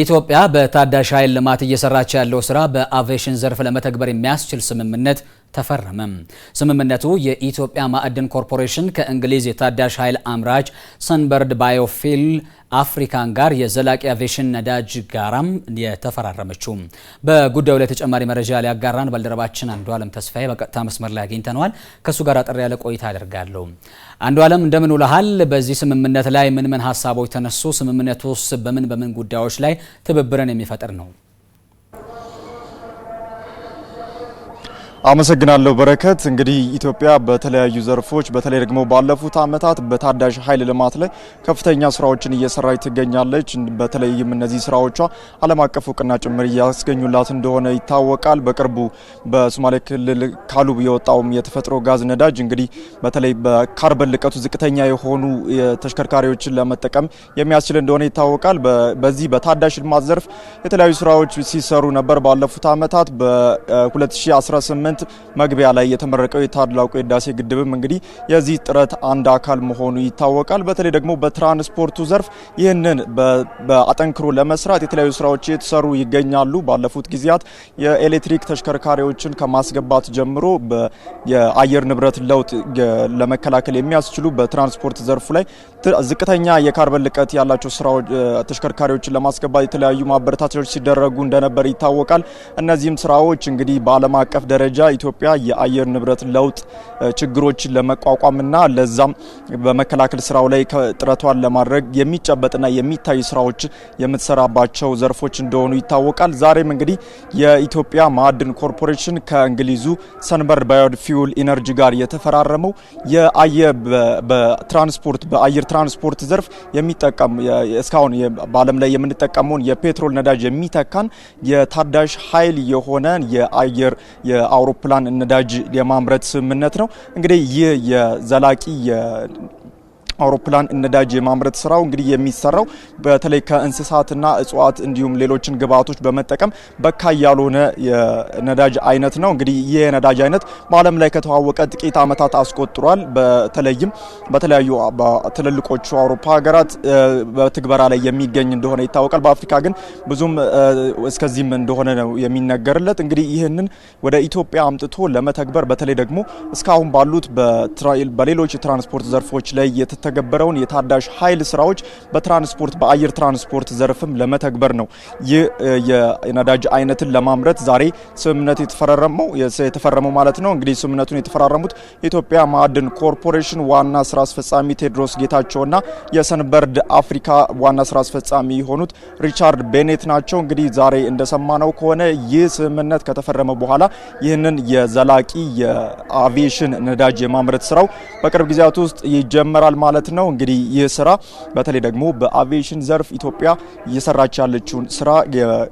ኢትዮጵያ በታዳሽ ኃይል ልማት እየሰራች ያለው ስራ በአቪዬሽን ዘርፍ ለመተግበር የሚያስችል ስምምነት ተፈረመም። ስምምነቱ የኢትዮጵያ ማዕድን ኮርፖሬሽን ከእንግሊዝ የታዳሽ ኃይል አምራች ሰንበርድ ባዮፊል አፍሪካን ጋር የዘላቂ አቬሽን ነዳጅ ጋራም የተፈራረመችው። በጉዳዩ ላይ ተጨማሪ መረጃ ሊያጋራን ባልደረባችን አንዱ አለም ተስፋዬ በቀጥታ መስመር ላይ አግኝተነዋል። ከእሱ ጋር አጠር ያለ ቆይታ አደርጋለሁ። አንዱ አለም እንደምን ውለሃል? በዚህ ስምምነት ላይ ምን ምን ሀሳቦች ተነሱ? ስምምነቱስ በምን በምን ጉዳዮች ላይ ትብብርን የሚፈጥር ነው? አመሰግናለሁ በረከት። እንግዲህ ኢትዮጵያ በተለያዩ ዘርፎች በተለይ ደግሞ ባለፉት ዓመታት በታዳሽ ኃይል ልማት ላይ ከፍተኛ ስራዎችን እየሰራች ትገኛለች። በተለይም እነዚህ ስራዎቿ ዓለም አቀፍ እውቅና ጭምር እያስገኙላት እንደሆነ ይታወቃል። በቅርቡ በሶማሌ ክልል ካሉብ የወጣውም የተፈጥሮ ጋዝ ነዳጅ እንግዲህ በተለይ በካርበን ልቀቱ ዝቅተኛ የሆኑ ተሽከርካሪዎችን ለመጠቀም የሚያስችል እንደሆነ ይታወቃል። በዚህ በታዳሽ ልማት ዘርፍ የተለያዩ ስራዎች ሲሰሩ ነበር ባለፉት ዓመታት በ2018 ሳምንት መግቢያ ላይ የተመረቀው የታላቁ የህዳሴ ግድብም እንግዲህ የዚህ ጥረት አንድ አካል መሆኑ ይታወቃል። በተለይ ደግሞ በትራንስፖርቱ ዘርፍ ይህንን በአጠንክሮ ለመስራት የተለያዩ ስራዎች የተሰሩ ይገኛሉ። ባለፉት ጊዜያት የኤሌክትሪክ ተሽከርካሪዎችን ከማስገባት ጀምሮ የአየር ንብረት ለውጥ ለመከላከል የሚያስችሉ በትራንስፖርት ዘርፉ ላይ ዝቅተኛ የካርበን ልቀት ያላቸው ስራዎች ተሽከርካሪዎችን ለማስገባት የተለያዩ ማበረታቻዎች ሲደረጉ እንደነበር ይታወቃል። እነዚህም ስራዎች እንግዲህ በዓለም አቀፍ ደረጃ ደረጃ ኢትዮጵያ የአየር ንብረት ለውጥ ችግሮችን ለመቋቋምና ለዛም በመከላከል ስራው ላይ ጥረቷን ለማድረግ የሚጨበጥና የሚታዩ ስራዎች የምትሰራባቸው ዘርፎች እንደሆኑ ይታወቃል። ዛሬም እንግዲህ የኢትዮጵያ ማዕድን ኮርፖሬሽን ከእንግሊዙ ሰንበርድ ባዮፊውል ኢነርጂ ጋር የተፈራረመው በትራንስፖርት በአየር ትራንስፖርት ዘርፍ የሚጠቀም እስካሁን በዓለም ላይ የምንጠቀመውን የፔትሮል ነዳጅ የሚተካን የታዳሽ ኃይል የሆነ የአየር የአውሮ የአውሮፕላን ነዳጅ የማምረት ስምምነት ነው። እንግዲህ ይህ የዘላቂ አውሮፕላን ነዳጅ የማምረት ስራው እንግዲህ የሚሰራው በተለይ ከእንስሳትና እጽዋት እንዲሁም ሌሎችን ግብአቶች በመጠቀም በካይ ያልሆነ የነዳጅ አይነት ነው። እንግዲህ ይህ የነዳጅ አይነት በዓለም ላይ ከተዋወቀ ጥቂት ዓመታት አስቆጥሯል። በተለይም በተለያዩ ትልልቆቹ አውሮፓ ሀገራት በትግበራ ላይ የሚገኝ እንደሆነ ይታወቃል። በአፍሪካ ግን ብዙም እስከዚህም እንደሆነ ነው የሚነገርለት። እንግዲህ ይህንን ወደ ኢትዮጵያ አምጥቶ ለመተግበር በተለይ ደግሞ እስካሁን ባሉት በሌሎች የትራንስፖርት ዘርፎች ላይ የተተ የተገበረውን የታዳሽ ኃይል ስራዎች በትራንስፖርት በአየር ትራንስፖርት ዘርፍም ለመተግበር ነው። ይህ የነዳጅ አይነትን ለማምረት ዛሬ ስምምነት የተፈረረመው የተፈረመው ማለት ነው። እንግዲህ ስምምነቱን የተፈራረሙት የኢትዮጵያ ማዕድን ኮርፖሬሽን ዋና ስራ አስፈጻሚ ቴድሮስ ጌታቸውና የሰንበርድ አፍሪካ ዋና ስራ አስፈጻሚ የሆኑት ሪቻርድ ቤኔት ናቸው። እንግዲህ ዛሬ እንደሰማነው ከሆነ ይህ ስምምነት ከተፈረመ በኋላ ይህንን የዘላቂ የአቪዬሽን ነዳጅ የማምረት ስራው በቅርብ ጊዜያት ውስጥ ይጀመራል ማለት ማለት ነው። እንግዲህ ይህ ስራ በተለይ ደግሞ በአቪዬሽን ዘርፍ ኢትዮጵያ እየሰራች ያለችውን ስራ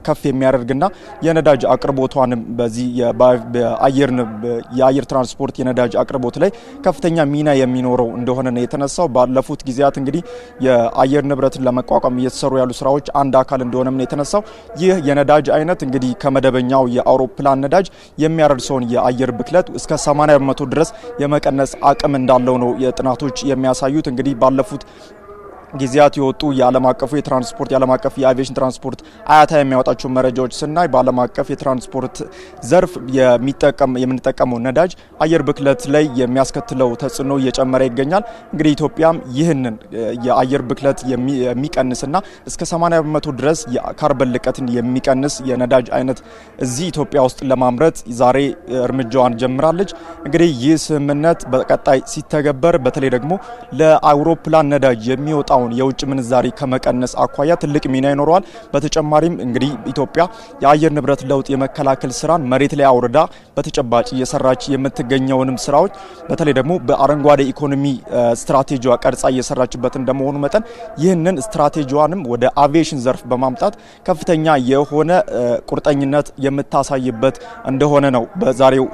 ከፍ የሚያደርግና የነዳጅ አቅርቦቷንም በዚህ የአየር ትራንስፖርት የነዳጅ አቅርቦት ላይ ከፍተኛ ሚና የሚኖረው እንደሆነ ነው የተነሳው። ባለፉት ጊዜያት እንግዲህ የአየር ንብረትን ለመቋቋም እየተሰሩ ያሉ ስራዎች አንድ አካል እንደሆነም ነው የተነሳው። ይህ የነዳጅ አይነት እንግዲህ ከመደበኛው የአውሮፕላን ነዳጅ የሚያደርሰውን የአየር ብክለት እስከ 80 በመቶ ድረስ የመቀነስ አቅም እንዳለው ነው የጥናቶች የሚያሳዩት። እንግዲህ ባለፉት ጊዜያት የወጡ የዓለም አቀፉ የትራንስፖርት የዓለም አቀፍ የአቪዬሽን ትራንስፖርት አያታ የሚያወጣቸው መረጃዎች ስናይ በዓለም አቀፍ የትራንስፖርት ዘርፍ የምንጠቀመው ነዳጅ አየር ብክለት ላይ የሚያስከትለው ተጽዕኖ እየጨመረ ይገኛል። እንግዲህ ኢትዮጵያም ይህንን የአየር ብክለት የሚቀንስና እስከ 80 በመቶ ድረስ የካርበን ልቀትን የሚቀንስ የነዳጅ አይነት እዚህ ኢትዮጵያ ውስጥ ለማምረት ዛሬ እርምጃዋን ጀምራለች። እንግዲህ ይህ ስምምነት በቀጣይ ሲተገበር በተለይ ደግሞ ለአውሮፕላን ነዳጅ የሚወጣ አሁን የውጭ ምንዛሪ ከመቀነስ አኳያ ትልቅ ሚና ይኖረዋል። በተጨማሪም እንግዲህ ኢትዮጵያ የአየር ንብረት ለውጥ የመከላከል ስራን መሬት ላይ አውርዳ በተጨባጭ እየሰራች የምትገኘውንም ስራዎች በተለይ ደግሞ በአረንጓዴ ኢኮኖሚ ስትራቴጂዋ ቀርጻ እየሰራችበት እንደመሆኑ መጠን ይህንን ስትራቴጂዋንም ወደ አቪዬሽን ዘርፍ በማምጣት ከፍተኛ የሆነ ቁርጠኝነት የምታሳይበት እንደሆነ ነው በዛሬው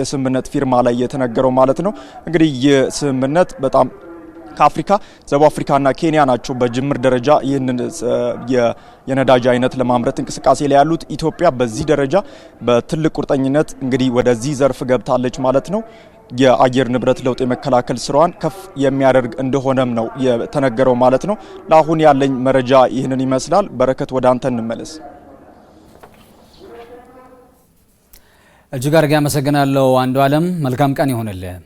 የስምምነት ፊርማ ላይ የተነገረው ማለት ነው። እንግዲህ ይህ ስምምነት በጣም ከአፍሪካ ደቡብ አፍሪካና ኬንያ ናቸው በጅምር ደረጃ ይህንን የነዳጅ አይነት ለማምረት እንቅስቃሴ ላይ ያሉት። ኢትዮጵያ በዚህ ደረጃ በትልቅ ቁርጠኝነት እንግዲህ ወደዚህ ዘርፍ ገብታለች ማለት ነው። የአየር ንብረት ለውጥ የመከላከል ስራዋን ከፍ የሚያደርግ እንደሆነም ነው የተነገረው ማለት ነው። ለአሁን ያለኝ መረጃ ይህንን ይመስላል። በረከት ወደ አንተ እንመለስ። እጅግ አድርጌ አመሰግናለሁ አንዱ አለም። መልካም ቀን ይሆንልህ።